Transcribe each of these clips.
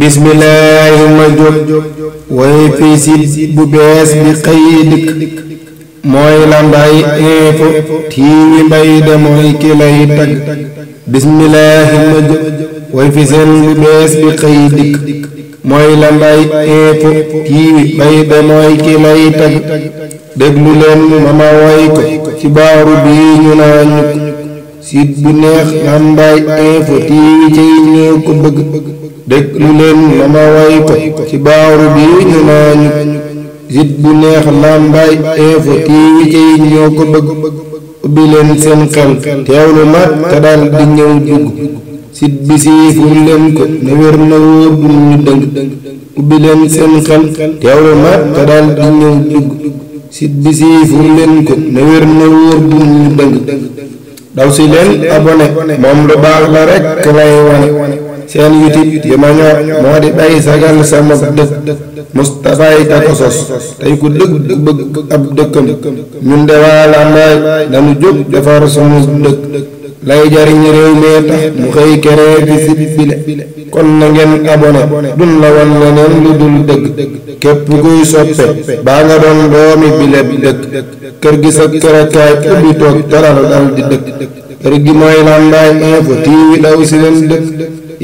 bismillaahi ma jóg way fii sit bu bees bi xëy dikk mooy Lambaye info TV Mbaye de mooy ki lay tagg bismillaahi ma jóg way fi seen bu bees bi xëy dikk mooy Lambaye info TV Mbaye de mooy ki lay tagg déglu leen ma ma woy ko ci baaru bii ñu naa ñukk site bu neex Lambaye info TV cay ñëw ko bëgg déglu leen mama way ko xibaaru bi ñu naañu site bu neex Lambaye info TV cay ñëw ko bëgg ubbi leen seen xel teewlu ma te daal di ñëw dugg site bi siiful leen ko ne wér na wóor bu ñu dëng ubbi leen seen xel teewlu ma te daal di ñëw dugg site bi siiful leen ko ne wér na wóor bu ñu dëng daw si leen abonné moom lu baax la rekk lay wane seen youtube bi ma ñor moo di bay sagal sama dëkk Moustapha yi ko sos tey ku dëkk bëgg ab dëkkam ñun de waa Lambaye dañu jóg defar sama dëkk lay jariñ réew mee tax mu xëy keree fi sit bile kon na ngeen abonné dun la wan leneen lu dul dëgg képp kuy soppe baa nga doon doomi bileb dëkk kër gi sa kërakaay ubbi toog teral dal di dëkk kër gi mooy Lambaye Infos TV daw si leen dëkk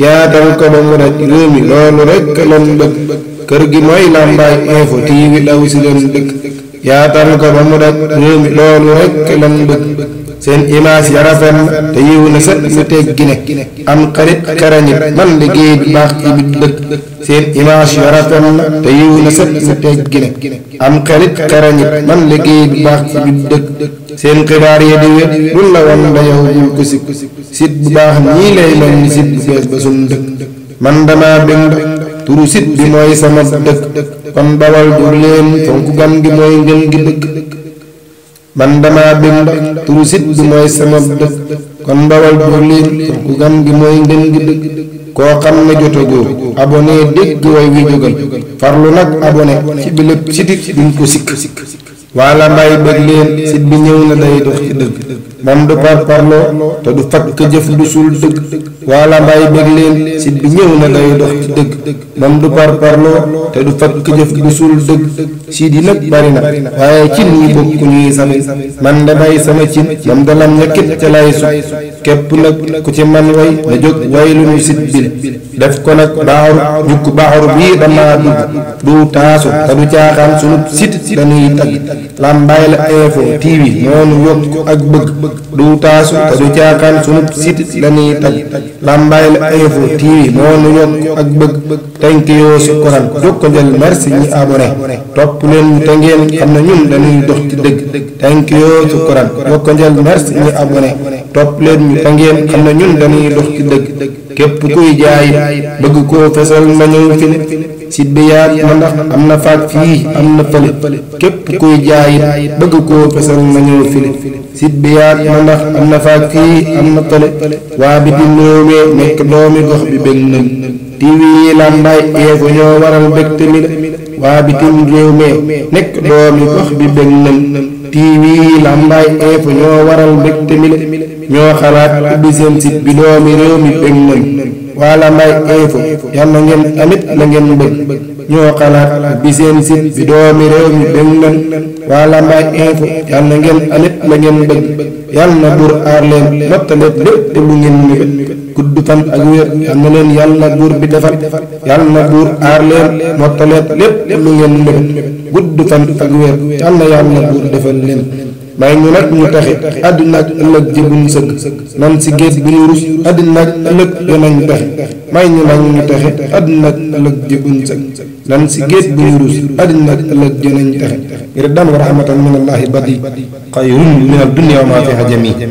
yaatal ko ba mu daj réew mi loolu rekk leen dëkk kër gi mooy Lambaye Infos TV daw si leen dëkk yaatal ko ba mu daj réew mi loolu rekk leen dëkk seen image ya rafet na te yiw na sa sa teggine am xarit xarañit man liggéey bi baax ibit dëkk seen image ya rafet na te yiw na sa sa teggine am xarit xarañit man liggéey bi baax ibit dëkk seen xibaar ya di wet dun la wan la yow bul ko sib sit bu baax ñii lay mel sit bu bees ba suñ dëkk man dama bég turu sit bi mooy sama dëkk kon bawal jur leen fonk gan gi mooy ngën gi dëkk man dama bind turu sit bi mooy sama dëkk kon ndawal burlin kon ku gam gi mooy ngën gi dëkk koo xam ne jotagoo abonné dégg way wi jógal farlu nag abonné ci bilëb sitit duñ ko sikk waala mbaay bëgg leen sit bi ñëw na day dox ci dëgg moom du par parloo te du fakk jëf du suul dëgg waala mbaay bëgg leen sit bi ñëw na day dox ci dëgg moom du par parloo te du fakk jëf du suul dëgg siit yi nag bari na waaye cin yi bokk ñuy sami man damay sama cin moom dalam ñakkit ca lay sut képp nag ku ci man way na jóg way lu sit bil def ko nak baaxaru yuk baaxaru bi dama dugg du taasu da du caaxaan sunu sit dañuy tag làmbaay la info tv nonu yok ak beug du taasu da du caaxaan sunu sit dañuy tag làmbaay la info tv nonu yok ak bëgg thank you ko jël merci ñi abonné top leen ñu te ngeen xam ne ñun dañuy dox ci dëgg thank you ko jël merci ñi abonné top leen ñu te ngeen xam ne ñun dañuy dox ci deug kep kuy jaay bëgg koo fesal nañu file sit bi yaat na ndax am na faat fii am na fële képp kuy jaayit bëgg koo fesal nañu file sit bi yaat na ndax am na faat fii am na fële waa bi di néewee nekk doomi gox bi bitim réew mee nekk doomi gox bi bég nañ TV yi làmbaay eeku ñoo waral bégte mi la ñoo xalaat ubbi seen sit bi doomi réew mi bég nañ wala mbay info yal na ngeen amit la ngeen bëgg ñoo xalaat bi seen sit bi doomi réew mi bëgg nan wala mbay info yal na ngeen amit la ngeen bëgg yal na buur aar leen mottalet lépp te bu ngeen mébét gudd fan ak wér yal na leen yal na buur bi defal yal na buur aar leen mottalet lépp te bu ngeen mébét gudd fan ak wér yal na yal na buur defal leen may ñu nag ñu taxe àdduna ak ëllëg ji bu ñu sëgg nan si géej bu ñu rus àdduna ak ëllëg dinañ taxe may ñu nag ñu taxe àdduna ak ëllëg ji bu ñu sëgg nan si géej bu ñu rus àdduna ak ëllëg dinañ taxe ngir daan wa rahmatan min allahi badi xayrun min ad dunya wa ma fiha jami